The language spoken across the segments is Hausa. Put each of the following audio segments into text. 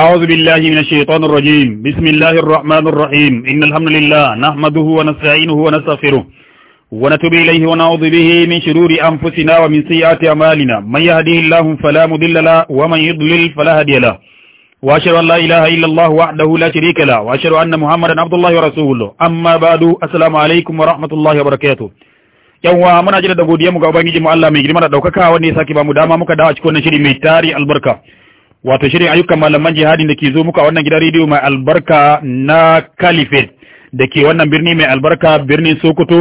أعوذ بالله من الشيطان الرجيم بسم الله الرحمن الرحيم إن الحمد لله نحمده ونستعينه ونستغفره ونتوب إليه ونعوذ به من شرور أنفسنا ومن سيئات أعمالنا من يهده الله فلا مضل له ومن يضلل فلا هادي له وأشهد أن لا إله إلا الله وحده لا شريك له وأشهد أن محمدا عبد الله ورسوله أما بعد السلام عليكم ورحمة الله وبركاته yawwa muna jira da godiya mu ga ubangiji mu Allah mai girma da daukaka wanda ya saki ba mu dama muka dawo cikin wannan shiri mai tari albarka wato shirin ayyukan malaman jihadin da ke zo muka wannan gidan rediyo mai albarka na kalifet da ke wannan birni mai albarka birnin sokoto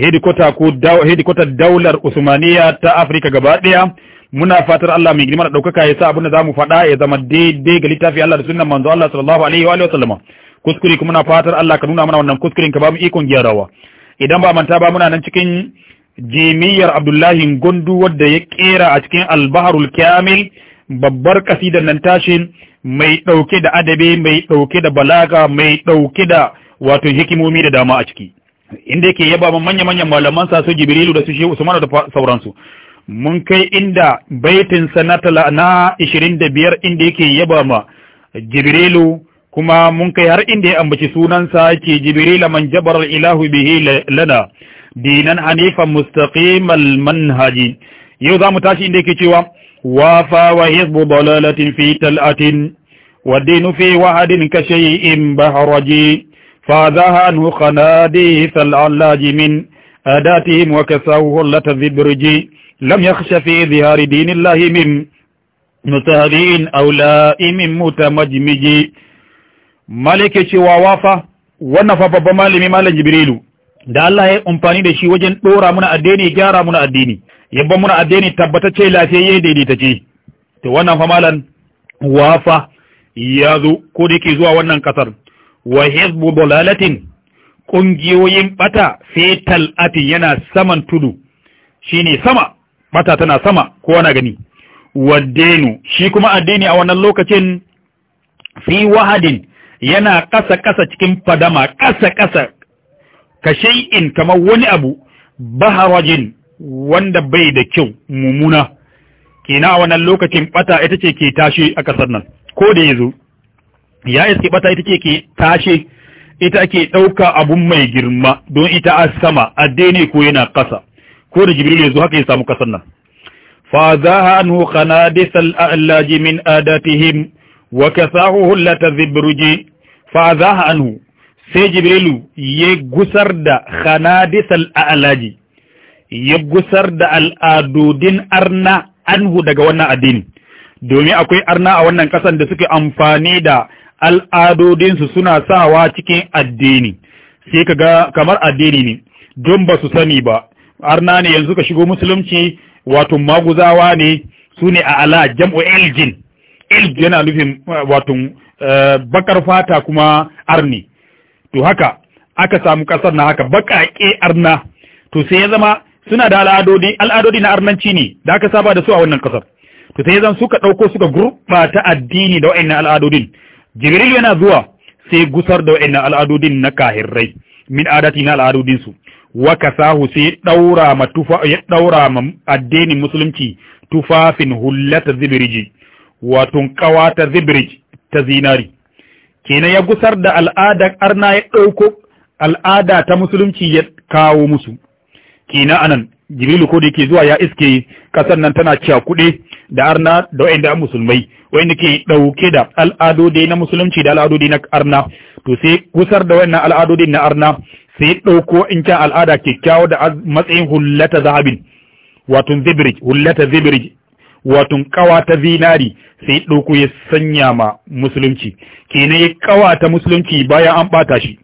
hedikota ko hedikota daular usmaniya ta afirka gaba daya muna fatar Allah mai girma da daukaka ya sa abin da zamu faɗa ya zama daidai ga littafi Allah da sunnan manzo Allah sallallahu alaihi wa alihi wasallama kuskure kuma muna fatar Allah ka nuna mana wannan kuskuren ka ba mu ikon gyarawa idan ba manta ba muna nan cikin jimiyar Abdullahi Gondu wadda ya kera a cikin Al-Baharul Kamil babbar kasidar nan tashin mai ɗauke da adabi mai ɗauke da balaga mai ɗauke da wato hikimomi da dama a ciki inda yake yaba ma manya manyan malaman sa su jibrilu da su shehu usman da sauransu mun kai inda baitin sa na na 25 inda yake yaba ma jibrilu kuma mun kai har inda ya ambaci sunansa yake jibrila man jabara ilahu bihi lana dinan Hanifa, mustaqim manhaji yau zamu tashi inda yake cewa وافى وحزب ضلالة في تلأة والدين في وحد كشيء بهرجي فذاها خناديه العلاج من أداتهم وكسوه لتذبرج لم يخش في ظهار دين الله من متهدين أو لائم متمجمج ملك شوا وافى ونفى بمال ممال جبريل دا الله امباني دشي وجن دورا من الديني جارا من الديني yabba muna addini tabbatacce lafiyayye ce to wannan fa malan wafa ya zo ko da yake zuwa wannan kasar wa hizbu dalalatin kungiyoyin bata fetal atin yana saman tudu shine sama bata tana sama ko wani gani waddenu shi kuma addini a wannan lokacin fi wahadin yana kasa kasa cikin fadama kasa kasa ka shay'in kamar wani abu baharajin wanda bai da kyau mummuna kina a wannan lokacin bata ita ce ke tashe a ƙasar nan ko da ya zo ya iske bata ita ce ke tashe ita ke ɗauka abun mai girma don ita a sama addini ko yana ƙasa ko da jibril ya zo haka ya samu ƙasar nan fa zaha anhu qanadis alaji min adatihim wa kasahu hullat zibruji fa zaha anhu sai Jibrelu ya gusar da qanadis a alaji ya da al'adodin arna anhu daga wannan addini domin akwai arna a wannan kasan da suke amfani da al'adodinsu suna sawa cikin addini sai ka ga kamar addini ne don ba su sani ba arna ne yanzu ka shigo musulunci wato maguzawa ne su ne a ala jam'u iljin ilj yana nufin wato eh, bakar fata kuma arni to haka aka samu ƙasar na haka baƙaƙe arna to sai ya zama suna da al'adodi al'adodi na arnanci ne da aka saba da su a wannan kasar to sai zan suka dauko suka gurbata addini da wa'annan al'adodin jibril yana zuwa sai gusar da wa'annan al'adodin na kahirrai min adati na al'adodin su wa kasahu sai daura ma tufa ya daura ma addinin musulunci tufafin hullata zibriji wato kawata zibriji ta zinari kenan ya gusar da al'adar arna ya dauko al'ada ta musulunci ya kawo musu kina anan jibrilu ko da yake zuwa ya iske kasar nan tana cakuɗe da arna da wa'inda musulmai wa'inda ke ɗauke da al'adodi na musulunci da al'adodi na arna to sai kusar da wannan al'adodi na arna sai ɗauko in can al'ada kyakkyawa da matsayin hullata zahabin wato zibirij hullata zibirij wato kawata zinari sai ɗauko ya sanya ma musulunci kenan ya kawata musulunci bayan an ɓata shi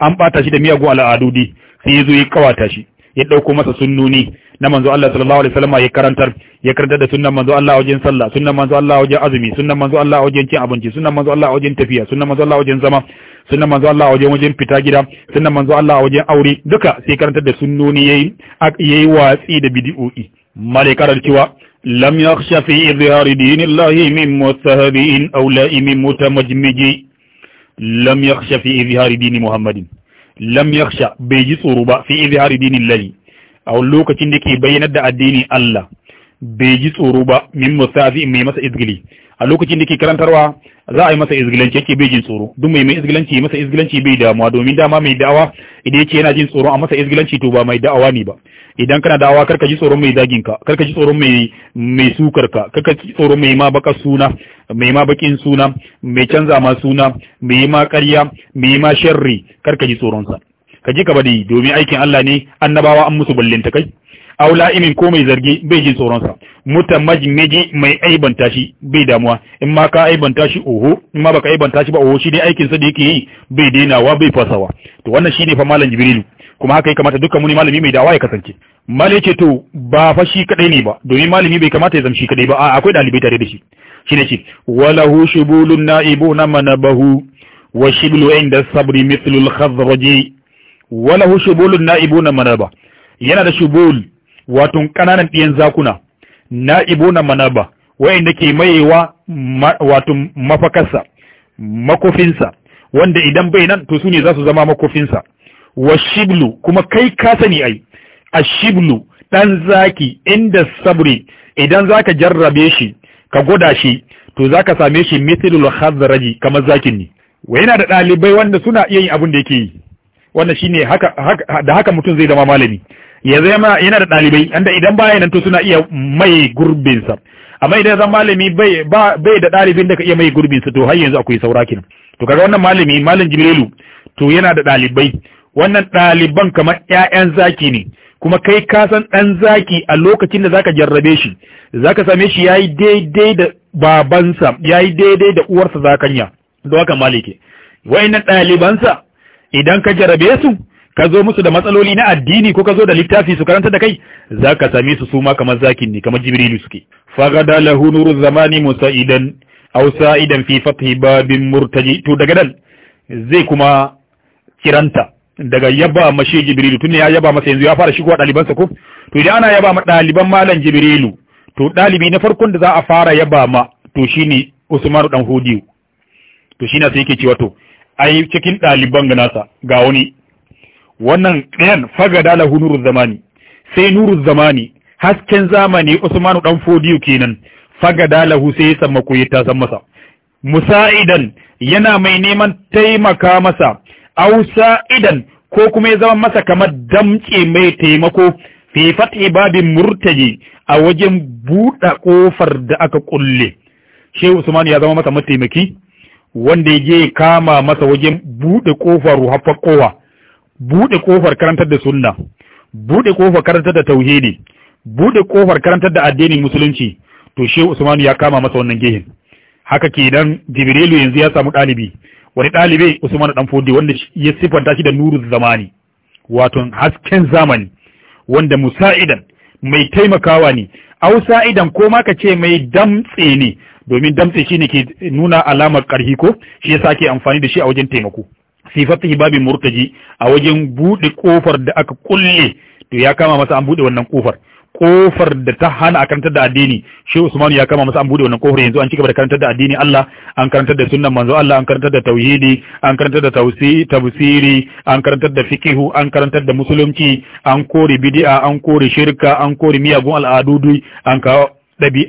an ɓata shi da miyagun al'adodi sai ya zo ya kawata shi ya dauko masa sunnoni na manzo Allah sallallahu alaihi wasallam ya karantar ya karantar da sunnan manzo Allah wajen sallah sunnan manzo Allah wajen azumi sunnan manzo Allah wajen cin abinci sunnan manzo Allah wajen tafiya sunnan manzo Allah wajen zama sunnan manzo Allah wajen wajen fita gida sunnan manzo Allah wajen aure duka sai karantar da sunnoni yayi yayi watsi da bid'o'i malikarar cewa lam yakhsha fi dinillahi min mustahabin aw mutamajjiji lam yakhsha fi muhammadin lam yakhsha bai ji tsoro ba fi izhari dinin lahi a lokacin da ke bayyanar da addinin Allah bai ji tsoro ba min mustazi mai masa izgili a lokacin da ke karantarwa za a yi masa izgilanci yake bai jin tsoro duk mai mai izgilanci masa izgilanci bai damuwa domin dama mai da'awa idan yake yana jin tsoro a masa izgilanci to ba mai da'awa ne ba idan kana da'awa karka ji tsoron mai zagin ka karka ji tsoron mai mai sukar ka karka ji tsoron mai ma baka suna mai ma bakin suna mai canza ma suna mai ma ƙarya mai ma sharri karka ji tsoron sa ka ji ka bari domin aikin Allah ne annabawa an musu ballinta kai aula imin ko mai zargi bai jin tsoronsa mutan majimiji mai aibanta shi bai damuwa in ma ka aibanta shi oho in ma baka aibanta shi ba oho shi ne aikin sa da yake yi bai dainawa bai fasawa to wannan shine fa malam jibrilu kuma haka ya kamata dukkan muni malami mai dawa ya kasance malai ce to ba fa shi kadai ne ba domin malami bai kamata ya zama shi kadai ba a akwai dalibai tare da shi shine ce walahu shibulun naibuna manabahu wa shiblu inda sabri mithlul khadraji wala hu shubulun na'ibuna manaba yana da shubul wato kananan ɗiyan zakuna na'ibuna manaba wayanda ke mayewa wato mafakarsa makofinsa wanda idan bai nan to su ne za su zama makofinsa washiblu kuma kai ka sani ai a dan ɗan zaki inda sabri idan zaka jarrabe shi ka gwada shi to zaka same shi mithlul khadraji kamar zakin ne wa yana da ɗalibai wanda suna iya yin abin da yake yi wannan shine haka da haka mutum zai zama malami ya zama yana da dalibai anda idan baya nan to suna iya mai gurbin sa amma idan zan malami bai bai da dalibin da ka iya mai gurbin sa to har yanzu akwai saura kenan to kaga wannan malami malam jibrilu to yana da dalibai wannan daliban kamar ƴaƴan zaki ne kuma kai ka san dan zaki a lokacin da zaka jarrabe shi zaka same shi yayi daidai da babansa yayi daidai da uwarsa zakanya don haka malike wayannan dalibansa idan ka jarabe su ka zo musu da matsaloli na addini ko ka zo da littafi su karanta da kai za ka same su su ma kamar zakin ne kamar jibrilu suke fagada lahu nuru zamani idan aw sa'idan fi fathi babin murtaji to daga dal zai kuma kiranta daga yaba mashi jibrilu tunne ya yaba masa yanzu ya fara shigowa dalibansa ko to idan ana yaba ma daliban malam jibrilu to dalibi na farkon da za a fara yaba ma to shine usmanu dan hudiyu to shine sai yake cewa to a yi cikin ɗaliban ga nasa ga wani wannan ɗayan fagada lahu nuru zamani sai nuru zamani hasken zamani usmanu dan fodiyo kenan fagada lahu sai ya samma koyi ta san masa musa'idan yana mai neman taimaka masa au sa'idan ko kuma ya zama masa kamar damce mai taimako fi fathi babin murtaji a wajen buɗa ƙofar da aka kulle shehu usman ya zama masa mataimaki wanda ya je kama masa wajen buɗe kofar ruhaffar kowa buɗe kofar karantar da sunna buɗe kofar karantar da tauhidi buɗe kofar karantar da addinin musulunci to shehu usmanu ya kama masa wannan gehen haka kenan jibrilu yanzu ya samu ɗalibi wani ɗalibi usmanu dan fodi wanda ya sifanta shi da nuru zamani wato hasken zamani wanda musa'idan mai taimakawa ne au sa'idan ko ma ka ce mai damtse ne domin damtse ne ke nuna alamar karhi ko shi yasa ake amfani da shi a wajen taimako Sifatta babin murtaji a wajen buɗe ƙofar da aka kulle to ya kama masa an buɗe wannan kofar kofar da ta hana a karantar da addini shi Usman ya kama masa an buɗe wannan kofar yanzu an cigaba da karantar da addini Allah an karantar da sunnan manzo Allah an karantar da tauhidi an karantar da tafsiri an karantar da fiqihu an karantar da musulunci an kore bid'a an kore shirka an kore miyagun al'adu. an kawo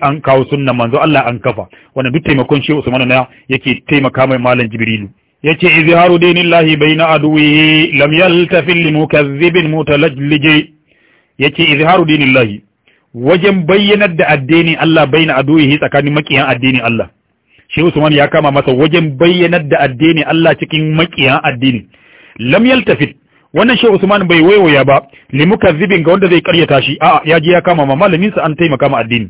an kawo sunna manzo Allah an kafa wannan duk taimakon shi Usman na yake taimaka mai malam Jibrilu yace izharu dinillahi baina aduwihi lam yaltafil limukazzibin mutalajliji yace izharu dinillahi wajen bayyanar da addini Allah baina aduwihi tsakanin makiyan addini Allah shi Usman ya kama masa wajen bayyanar da addini Allah cikin makiyan addini lam yaltafit wannan shehu Usman bai waiwaya ba limukazzibin ga wanda zai karyata shi a'a ya je ya kama ma malamin sa an taimaka ma addini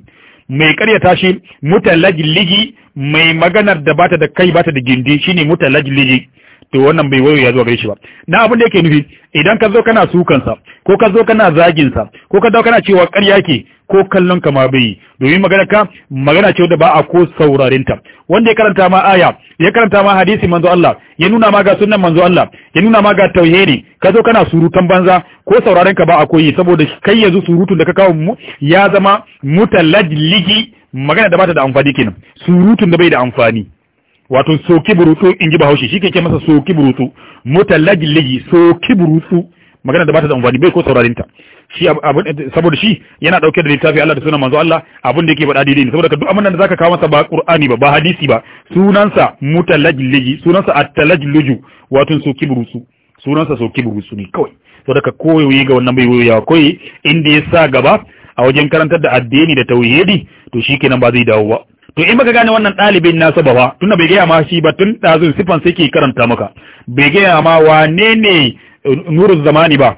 mai karyata shi mutalajliji mai maganar da bata da kai bata da gindi shine mutalajliji to wannan bai wayo ya zo gare shi ba na abin da yake nufi idan ka zo kana sukansa ko ka zo kana zaginsa ko ka zo kana cewa ƙarya ke ko kallon ka ma bai domin magana ka magana ce da ba a ko saurarin ta wanda ya karanta ma aya ya karanta ma hadisi manzo Allah ya nuna ma ga sunnan manzo Allah ya nuna ma ga tauhidi ka zo kana surutan banza ko sauraren ka ba a koyi saboda kai yanzu surutun da ka kawo mu ya zama mutalajliji magana da bata da amfani kenan surutun da bai da amfani wato soki burutu in ji bahaushe shi ke masa soki burutu mutalajiliji soki burutu magana da ba ta da amfani bai ko saurarinta shi saboda shi yana dauke da littafi Allah da sunan manzo Allah abin da yake faɗa daidai ne saboda duk abin da zaka kawo masa ba Qur'ani ba ba hadisi ba sunansa mutalajiliji sunansa at-talajluju wato soki burutu sunansa soki burutu ne kawai saboda ka koyoyi ga wannan bai ya koyi inda ya sa gaba a wajen karantar da addini da tauhidi to shikenan ba zai dawo ba to in baka gane wannan ɗalibin nasa ba ba tunda bai gaya ma shi ba tun ɗazun sifan sai ke karanta maka bai gaya ma wane ne eh, zamani ba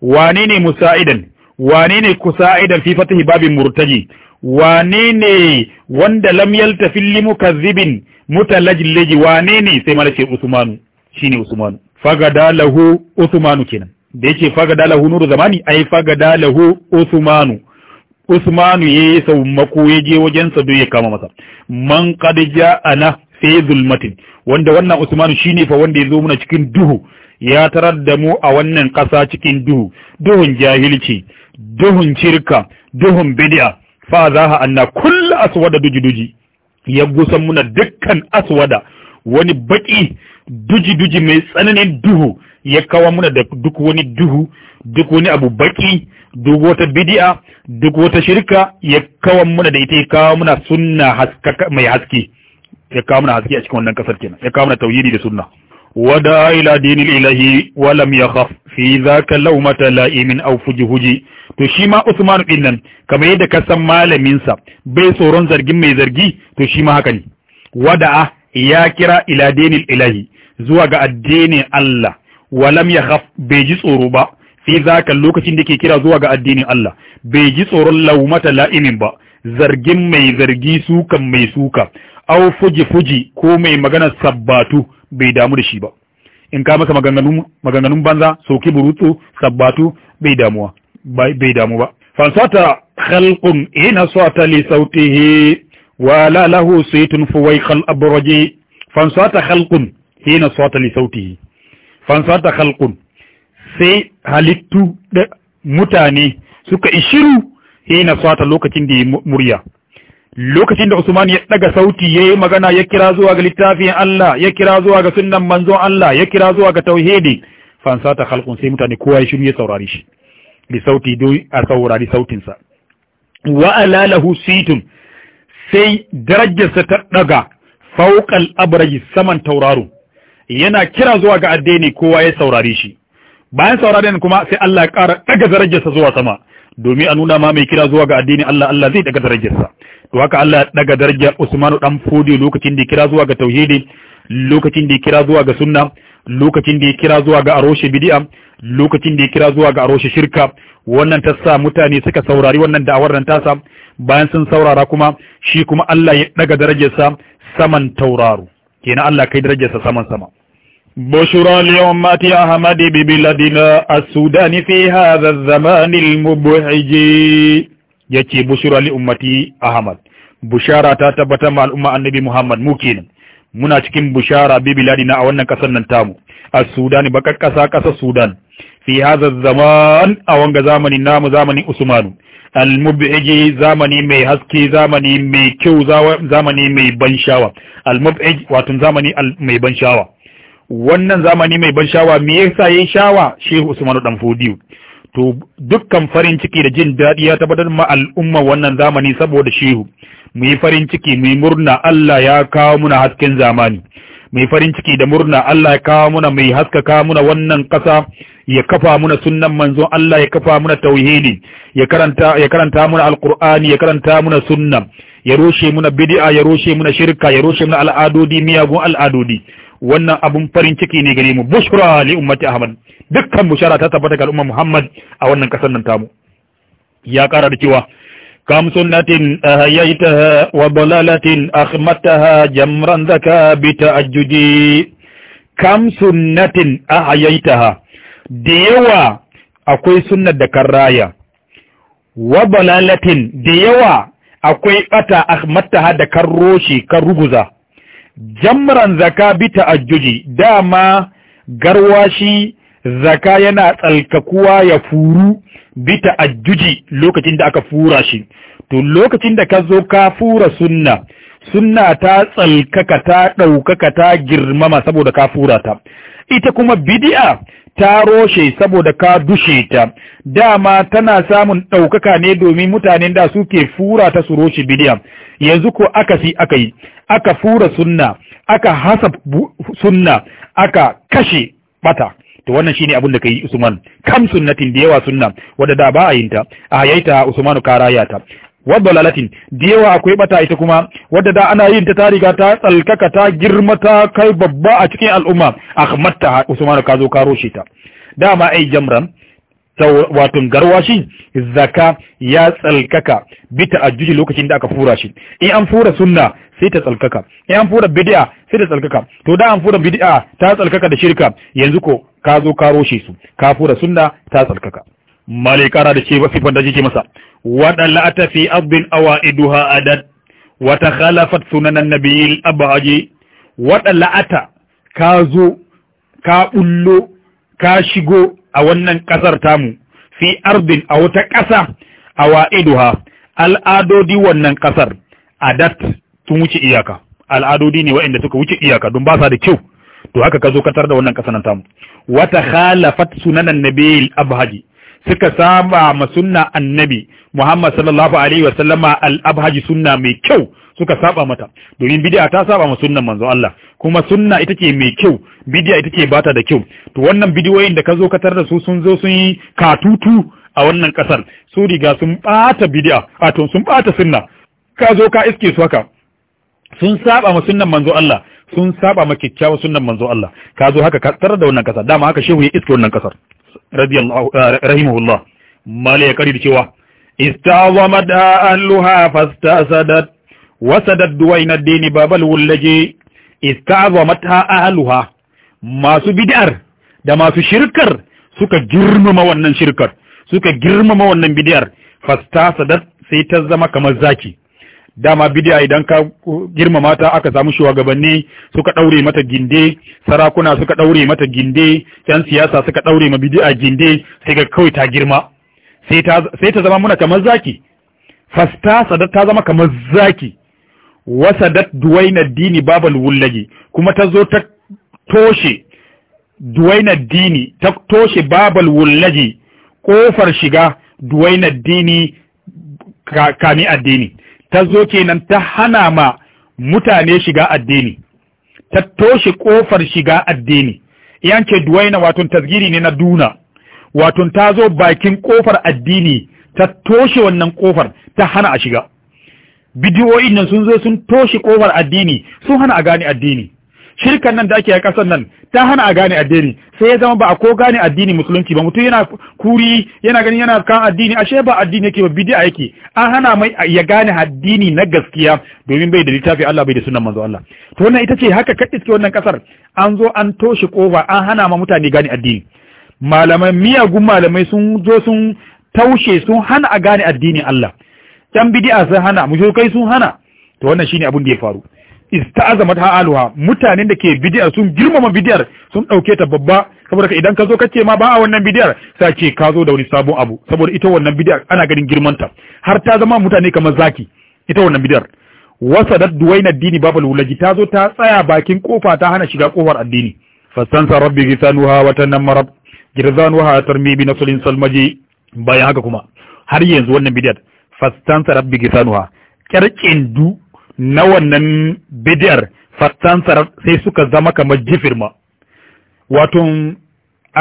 wane ne musa'idan wane ne kusa'idan fi fatihi babin murtaji wane ne wanda lam yalta filli mukazzibin mutalajlaji wane ne sai mala usmanu shine usmanu fagada lahu usmanu kenan da yake fagada lahu nuru zamani ai fagada lahu usmanu Usmanu ya yi saumako ya je wajen don ya kama masa. Man ja ana sai zulmatin wanda wannan Usmanu shine fa wanda ya zo muna cikin duhu ya tarar da mu a wannan ƙasa cikin duhu duhun jahilci duhun cirka duhun bidi'a fa za ha anna kulla aswada duji-duji ya gusan muna dukkan aswada wani baƙi duji-duji mai tsananin duhu ya kawo muna da duk wani duhu duk wani abu baƙi duk wata bidi'a duk wata shirka ya kawo muna da ita ya kawo muna sunna haskaka mai haske ya kawo muna haske a cikin wannan kasar kenan ya kawo muna tauhidi da sunna wada ila dinil ilahi wa lam yakhaf fi dhaka lawmata la'imin aw fujuhuji to shi ma Usman bin nan kamar yadda ka san malamin sa bai tsoron zargin mai zargi to shi ma haka ne wada'a ya kira ila dinil ilahi zuwa ga addinin Allah wa lam yakhaf bai ji tsoro ba fi zaka lokacin da ke kira zuwa ga addinin Allah bai ji tsoron laumata la'imin ba zargin mai zargi sukan mai suka au fuji fuji ko mai magana sabbatu bai damu da shi ba in ka masa maganganun banza soki burutsu sabbatu bai damuwa bai damu ba fansata khalqun ina sawta li sautihi wa la lahu saytun khal abraji fansata khalqun ina sawta li sautihi fansata khalqun sai halittu da mutane suka ishiru hina sata lokacin da ya murya lokacin da Usman ya daga sauti ya yi magana ya kira zuwa ga littafin Allah ya kira zuwa ga sunnan manzon Allah ya kira zuwa ga tauhidi fansata khalqun sai mutane kowa ya shiru ya saurare shi bi sauti dai a saurari sautin sa wa situn sai darajarsa ta daga fawqal abraji saman tauraro yana kira zuwa ga addini kowa ya saurare shi bayan sauraren kuma sai Allah ya ƙara daga darajarsa zuwa sama domin a nuna ma mai kira zuwa ga addini Allah Allah zai daga darajarsa to haka Allah ya daga darajar Usmanu dan Fodi lokacin da kira zuwa ga tauhidi lokacin da kira zuwa ga sunna lokacin da kira zuwa ga aroshe bid'a lokacin da kira zuwa ga aroshe shirka wannan ta sa mutane suka saurari wannan da'awar nan tasa bayan sun saurara kuma shi kuma Allah ya daga darajarsa saman tauraro kenan Allah kai darajarsa saman sama بشرى لأمة أحمد ببلادنا السودان في هذا الزمان المبهج يتي بشرى لأمة أحمد بشارة تتبت مع الأمة النبي محمد موكين muna cikin bushara bi biladina a wannan kasar nan tamu as-sudan bakar kasa kasar sudan fi hadha zaman a wanga zamanin namu zamanin usmanu al-mub'iji zamani mai haske zamani mai kyau zamani mai ban shawa al-mub'ij wato zamani mai ban shawa wannan zamani mai ban shawa me yasa yayi shawa Shehu Usman dan fodiu to dukkan farin ciki da jin daɗi ya tabbatar ma al'umma wannan zamani saboda Shehu mu yi farin ciki mu yi murna Allah ya kawo muna hasken zamani mu farin ciki da murna Allah ya kawo muna mai haskaka muna wannan kasa ya kafa muna sunnan manzon Allah ya kafa muna tauhidi ya karanta ya karanta muna alqur'ani ya karanta muna sunna ya rushe muna bid'a ya rushe muna shirka ya rushe muna al'adodi miyagun al'adodi wannan abun farin ciki ne gare mu bushra li ummati ahmad dukkan bushara ta tabbata ga al'umma muhammad a wannan kasar nan tamu ya kara da cewa كم سنة أهيتها وضلالة أخمتها جمرا ذكى بتأجدي كم سنة أهيتها ديوا أكوي سنة دكرايا وضلالة ديوا أكوي أتا أخمتها دكروشي كرغزة jamran zaka bi ta'ajjuji dama garwashi zaka yana tsalkakuwa ya furu bi ta'ajjuji lokacin da aka fura shi to lokacin da ka zo ka fura sunna sunna ta tsalkaka ta ɗaukaka ta girmama saboda ka fura ta ita kuma bidi'a ta roshe saboda ka dushe ta dama tana samun ɗaukaka ne domin mutanen da suke fura ta su roshe bidiyan yanzu ko aka si aka yi aka fura sunna aka hasa sunna aka kashe bata to wannan shine abin da yi Usman kam sunnatin da yawa sunna wadda da ba a yinta a hayaita Usman karayata yata. wadda lalatin da yawa akwai bata ita kuma wadda da ana yin ta ta riga ta tsalkaka ta girma ta kai babba a cikin al'umma ahmad ta usman ka zo ka roshe ta dama ai jamran wato garwashi zaka ya tsalkaka bi ta'ajjuji lokacin da aka fura shi in an fura sunna sai ta tsalkaka in an fura bid'a sai ta tsalkaka to da an fura bid'a ta tsalkaka da shirka yanzu ko ka zo ka roshe su ka fura sunna ta tsalkaka malai kara da ce ba sifan da jike masa wadalla la'ata fi abdin awaiduha adad wa takhalafat sunanan nabiyil abaji wadalla ata ka zo ka bullo ka shigo a wannan kasar tamu fi ardin a wata ƙasa a wa'iduha al'adodi wannan ƙasar adat tun wuce iyaka al'adodi ne waɗanda suka wuce iyaka don ba sa da kyau to haka ka zo katar da wannan ƙasar nan tamu wata khalafat sunanan nabiyil abhaji suka saba ma sunna annabi Muhammad sallallahu alaihi wa sallama al-abhaji sunna mai kyau suka saba mata domin bid'a ta saba ma sunnan manzo Allah kuma sunna ita ce mai kyau bid'a ita ce bata da kyau to wannan bidiyoyin da ka zo ka da su sun zo sun yi katutu a wannan kasar su riga sun bata bid'a a to sun bata sunna ka zo ka iske su haka sun saba ma sunnan manzo Allah sun saba ma kikkiawa sunnan manzo Allah ka zo haka ka tarar da wannan kasar dama haka shehu ya iske wannan kasar radiyallahu ah, rahimahullah mali ya kari da cewa istazamat ahluha fastasadat wasadat duwaina dini babal wullaje istazamat alluha masu bid'ar da masu shirkar suka girmama wannan shirkar suka girmama wannan bid'ar fastasadat sai ta zama kamar zaki dama bidiya idan ka girmama mata aka samu shugabanni suka daure mata ginde sarakuna suka daure mata ginde yan siyasa suka daure ma bidiya ginde sai ga kawai ta girma sai ta sai ta zama muna kamar zaki fasta sadat ta zama kamar zaki wasadat duwaina dini babal wullagi kuma ta zo ta toshe duwaina dini ta toshe babal wullagi kofar shiga duwaina dini kami addini ta zo kenan ta hana ma mutane shiga addini ta toshe kofar shiga addini Yanke duwaina wato tasgiri ne na duna wato ta zo bakin kofar addini ta toshe wannan kofar ta hana a shiga bidiyoyin nan sun zo sun toshe kofar addini sun hana a gane addini shirkan nan da ake a ƙasar nan ta hana a gane addini sai ya zama ba a ko gane addini musulunci ba mutum yana kuri yana gani yana kan addini ashe ba addini yake ba bid'a yake an hana mai ya gane addini na gaskiya domin bai da littafi Allah bai da sunan manzo Allah to wannan ita ce haka kaddiske wannan kasar an zo an toshe kofa an hana ma mutane gane addini malamai miyagun malamai sun zo sun taushe sun hana a gane addini Allah dan bidi'a sun hana mushrikai sun hana to wannan shine abin da ya faru ista'azamat ha'aluha mutanen da ke bidiyar sun girmama bidiyar sun dauke ta babba saboda ka idan ka zo kace ma ba a wannan bidiyar sai ce ka zo da wani sabon abu saboda ita wannan bidiyar ana ganin girman ta har ta zama mutane kamar zaki ita wannan bidiyar wasadat duwaina dini babal wulaji ta zo ta tsaya bakin kofa ta hana shiga kofar addini fasansa rabbi gisanuha wa tanmarab girzanuha tarmibi nasulin salmaji bayan haka kuma har yanzu wannan bidiyar fasansa rabbi gisanuha kyarkin du na wannan bidiyar fatansar sai suka zama kamar jifirma wato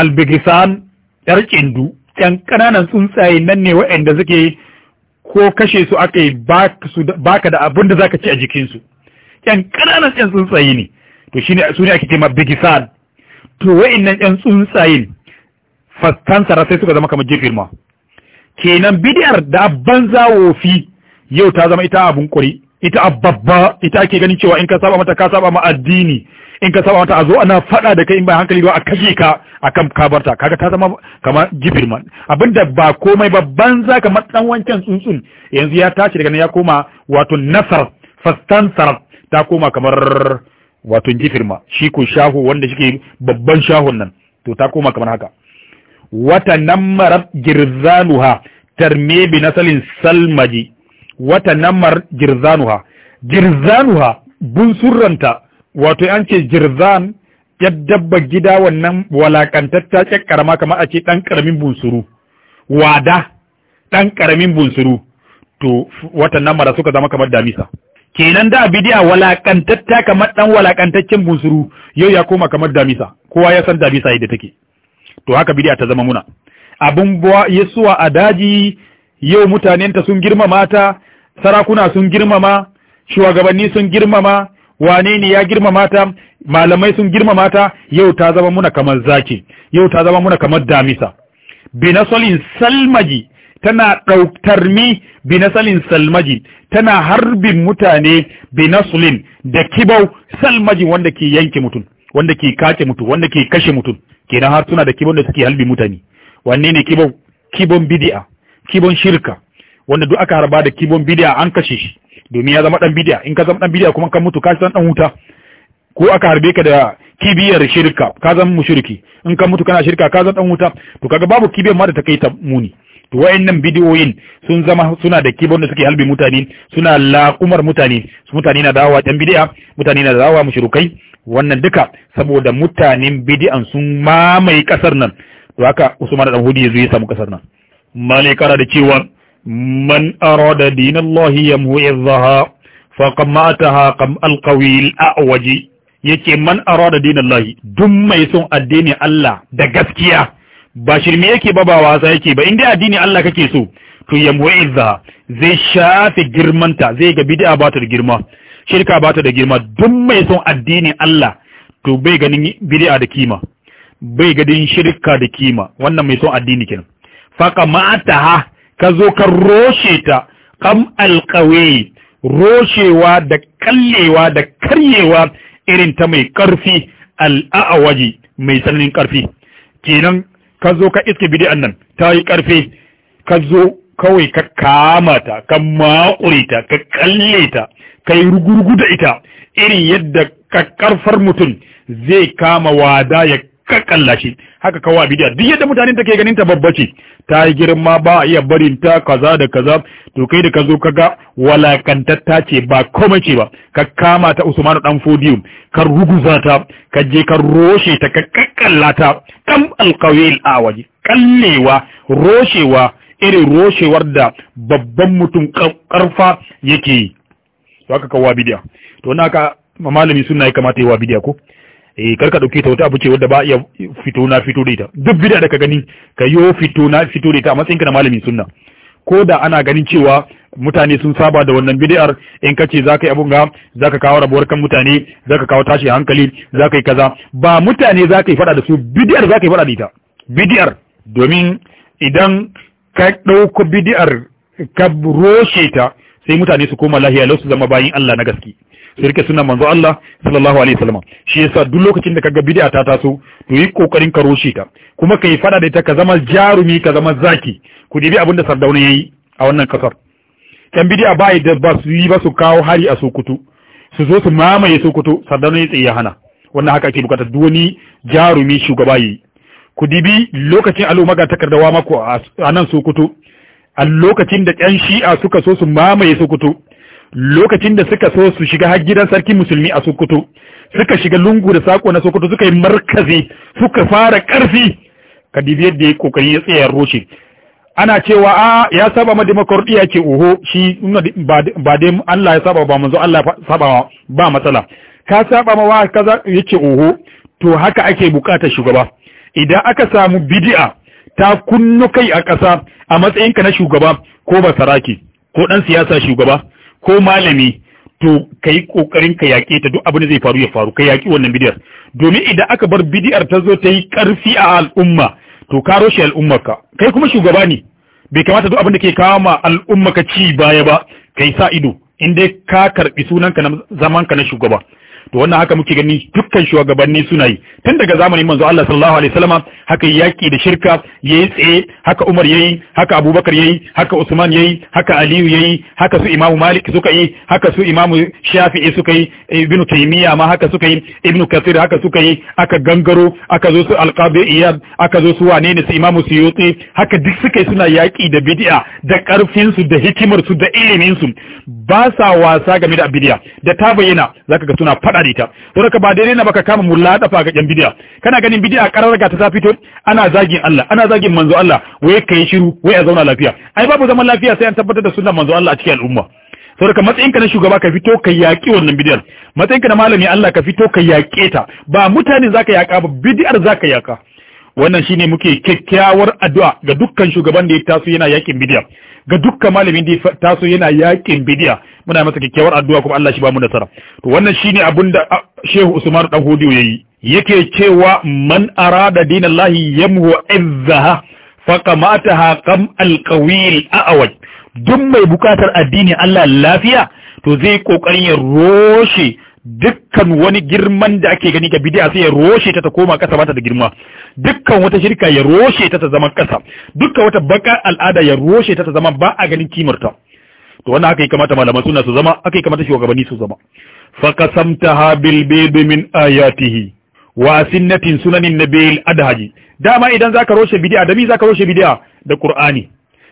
albigisan yar kindu yan ƙananan tsuntsaye nan ne waɗanda suke ko kashe su aka yi baka da abin da zaka ci a jikinsu yan ƙananan yan tsuntsaye ne to shine su ne ake kema bigisan to waɗannan yan tsuntsaye fastansarar sai suka zama kamar jifirma kenan bidiyar da banza wofi yau ta zama ita abun ƙuri ita abbabba ita ake ganin cewa in ka saba mata ka saba ma addini in ka saba mata a zo ana fada da kai in ba hankali ba a kashe ka akan kabarta kaga ta zama kamar jibirman abinda ba komai babban za ka matsan wancan tsuntsun yanzu ya tashi daga nan ya koma wato nasar fastansar ta koma kamar wato jifirma shi ko shaho wanda shike babban shahon nan to ta koma kamar haka wata nan nammarat girzaluha tarme bi nasalin salmaji wata namar jirzanuha jirzanuha surranta. wato an ce jirzan ya dabba gida wannan walakantatta ƙyar karama kamar a ce dan karamin bunsuru wada dan karamin bunsuru to watan namara suka zama kamar damisa kenan da bidiya walakantatta kamar dan walakantaccen bunsuru yau ya koma kamar damisa kowa ya san damisa yadda take to haka bidiya ta zama muna abin yasuwa a daji yau mutanenta sun girmama ta sarakuna sun girmama shugabanni sun girmama wane ne ya girmama ta malamai sun girmama ta yau ta zama muna kamar zaki yau ta zama muna kamar damisa Binasalin salmaji tana mi. binasalin salmaji tana harbin mutane binasulin da kibau salmaji wanda ke yanke mutum wanda ke kace mutum wanda ke kashe mutum kenan har suna da kibon da suke halbi mutane wanne ne kibau kibon bid'a kibon shirka wanda duk aka harba da kibon bidiya an kashe shi domin ya zama dan bidiya in ka zama dan bidiya kuma kan mutu ka san dan wuta ko aka harbe ka da kibiyar shirka ka zama mushriki in ka mutu kana shirka ka zama dan wuta to kaga babu kibiyar ma da ta kai ta muni to wayannan bidiyoyin sun zama suna da kibon da suke halbi mutane suna laƙumar mutane mutane na dawowa dan bidiya mutane na dawowa mushrikai wannan duka saboda mutanen bidi'an sun mamaye kasar nan to haka Usman dan Hudi yazo ya samu kasar nan malik da cewa من أراد دين الله يمهو إرضها فقمعتها قم القوي الأعوج yake man arada dinin lahi duk mai son addini Allah da gaskiya ba shirme yake ba ba wasa yake ba inda addini Allah kake so to yamwa izza zai shafe girmanta zai ga bid'a ba ta da girma shirka ba ta da girma duk mai son addini Allah to bai ganin bid'a da kima bai ganin shirka da kima wannan mai son addini kenan faqa ma'ataha ka zo ka roshe ta kam alƙawe roshewa da kallewa da karyewa irin ta mai ƙarfi al'a'awaji mai tsananin ƙarfi kenan ka zo ka iske bidi'an nan ta yi ƙarfi ka zo kawai ka kama ta ka maƙure ta ka kalle ta ka yi rugurgu da ita irin yadda ka karfar mutum zai kama wada ya kakalla shi haka kawo bidiya duk yadda mutane take ganin ta babba ce ta yi girma ba a iya barin ta kaza da kaza to kai da ka zo ka ga walakantatta ce ba komai ce ba ka kama ta usman dan Fodiyo ka ruguza ta ka je ka roshe ta ka kakkalla ta kam alqawil awaji kallewa roshewa irin roshewar da babban mutum karfa yake yi to haka kawo bidiya to ka malami suna ya kamata yi wa bidiya ko eh karka dauke ta wata abu ce wanda ba iya fito na fito da ita duk bid'a da ka gani ka yo fito na fito da ita a matsayinka na malamin sunna ko da ana ganin cewa mutane sun saba da wannan bid'ar in kace ka yi abun ga zaka kawo rabuwar kan mutane zaka kawo tashi hankali zakai yi kaza ba mutane ka yi fada da su bid'ar zaka yi fada da ita bid'ar domin idan ka dauko bid'ar ka roshe ta sai mutane su koma lahiya lau su zama bayin Allah na gaske su rike sunan manzo Allah sallallahu alaihi wasallam shi yasa duk lokacin da kaga bid'a ta taso to yi kokarin ka roshe ta kuma kai fada da ita ka zama jarumi ka zama zaki ku dibi abin da Sardauna yayi a wannan kasar kan bid'a ba yi da ba su yi ba su kawo hari a Sokoto su zo su mamaye Sokoto Sardauna ya tsaye hana wannan haka ake bukatar duk wani jarumi shugaba yi ku dibi lokacin al'umma ga takardawa mako a nan Sokoto a lokacin da ƴan shi'a suka so su mamaye sokoto lokacin da suka so su shiga har gidan sarki musulmi a sokoto suka shiga lungu da sako na sokoto suka yi markazi suka fara ƙarfi kadibi yadda ya kokari ya tsaya roshe ana cewa a ya saba ma demokradiya ce oho shi ba dai Allah ya saba ba manzo Allah ya saba ba matsala ka saba ma wa kaza yace oho to haka ake bukatar shugaba idan aka samu bid'a ta kunnu kai a ƙasa a matsayinka na shugaba ko ba ko ɗan siyasa shugaba ko malami to ka yi ƙoƙarin ka yaƙe ta duk abin da zai faru ya faru ka yaƙi wannan bidiyar domin idan aka bar bidiyar ta zo ta yi ƙarfi a al'umma to ka roshe al'ummarka kai kuma shugaba ne bai kamata duk abin da ke kawo ma al'ummarka ci baya ba kai sa ido in dai ka karɓi sunanka na zamanka na shugaba to wannan haka muke gani dukkan shugabanni suna yi tun daga zamanin manzo Allah sallallahu alaihi wasallama haka yaki da shirka yayi tsaye haka Umar yayi haka Abubakar yayi haka Usman yayi haka Aliyu yayi haka su Imam Malik suka yi haka su Imam Shafi'i suka yi Ibn Taymiyyah ma haka suka yi Ibn Kathir haka suka yi aka gangaro aka zo su Al-Qadi Iyad aka zo su wane ne su Imam Suyuti haka duk suka yi suna yaki da bid'a da karfin su da hikimar su da ilimin su ba sa wasa game da bidiya da ta bayyana zaka ga suna faɗa da ita to daga ba daidai na baka kama mulla dafa ga yan bidiya kana ganin bidiya karar ga ta fito ana zagin Allah ana zagin manzo Allah wai kai shiru wai a zauna lafiya ai babu zaman lafiya sai an tabbatar da sunan manzo Allah a cikin al'umma saboda matsayinka na shugaba ka fito ka yaƙi wannan bidiyar matsayinka na malami Allah ka fito ka yaƙe ta ba mutane zaka yaƙa ba bidiyar zaka yaƙa wannan shine muke kyakkyawar addu'a ga dukkan shugaban da ya taso yana yaƙin bidiyar ga dukkan malamin da taso yana yakin bidiya muna masa kyakkyawar addu'a kuma Allah shi ba mu nasara to wannan shine abin da Shehu Usman dan Hodiyo yayi yake cewa man arada dinallahi yamhu izzaha faqamataha qam alqawil a'waj duk mai bukatar addini Allah lafiya to zai kokarin ya roshe dukkan wani girman da ake gani ga bid'a sai ya roshe ta ta koma kasa ta da girma dukkan wata shirka ya roshe ta ta zama kasa dukkan wata baka al'ada ya roshe ta ta zama ba a ganin kimarta to wannan aka yi kamata malaman suna su zama aka yi kamata shugabanni su zama fa qasamtaha bil bayd min ayatihi wa sunnatin sunanin nabiyil adhaji dama idan zaka roshe bid'a da mi zaka roshe bid'a da qur'ani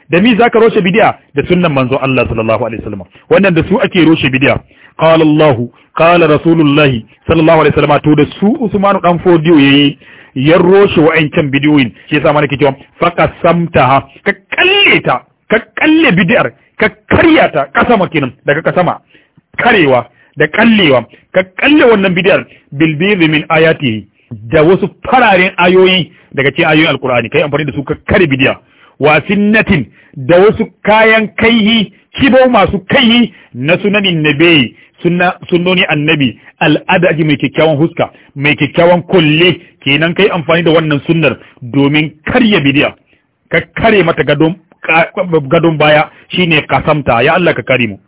da mi zaka roshe bidiya da sunnan manzo Allah sallallahu alaihi wasallam wannan da su ake roshe bidiya qala Allah qala rasulullah sallallahu alaihi wasallam to da su Usman dan fodiyo yayi yar roshe wa'ancan bidiyoyin shi yasa mana kike faka samtaha ka kalle ta ka kalle bidiyar ka karya ta kasama daga kasama karewa da kallewa ka kalle wannan bidiyar bilbil min ayatihi da wasu fararen ayoyi daga cikin ayoyin alkur'ani kai amfani da su ka kare bidiya wa da wasu kayan kaihi kibau masu kaihi na sunanin nabi sunnoni annabi al'ada mai kyakkyawan huska mai kyakkyawan kulle kenan kai amfani da wannan sunnar domin karya bidiya ka kare mata gadon baya shine kasamta ya Allah ka kare mu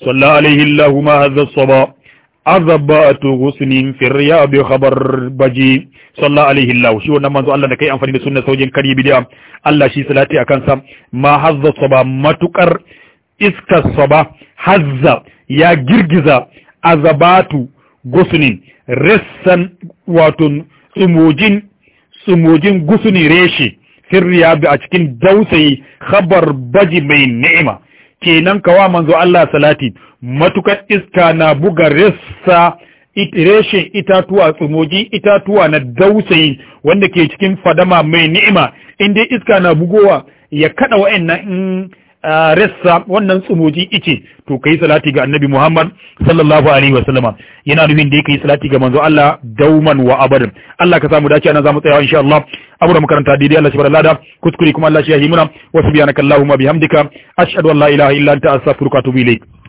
sallallahu alaihi allahumma hadha azabatu gusnin fi riyab khabar baji sallallahu alaihi Allah shi wannan manzo Allah da kai amfani da sunnar saujin kari bid'a Allah shi salati akan sa ma hazza saba matukar iska saba hazza ya girgiza azabatu gusuni, rissan wato tsumujin tsumujin gusni reshe fi riyab a cikin dausayi khabar baji mai ni'ima kenan kawa manzo Allah salati matukar iska na buga rassa reshen itatuwa tsumoji itatuwa na dausayi wanda ke cikin fadama mai ni'ima inda iska na bugowa ya kada wa'annan ressa wannan tsumoji ice to kai salati ga annabi Muhammad sallallahu alaihi wa sallama yana nufin da kai salati ga manzo Allah dauman wa abadan Allah ka samu dace anan zamu tsaya insha Allah abu da makaranta daidai Allah shi bar lada kuskure kuma Allah shi ya himuna wa subhanakallahumma bihamdika ashhadu an la ilaha illa anta astaghfiruka wa atubu ilaik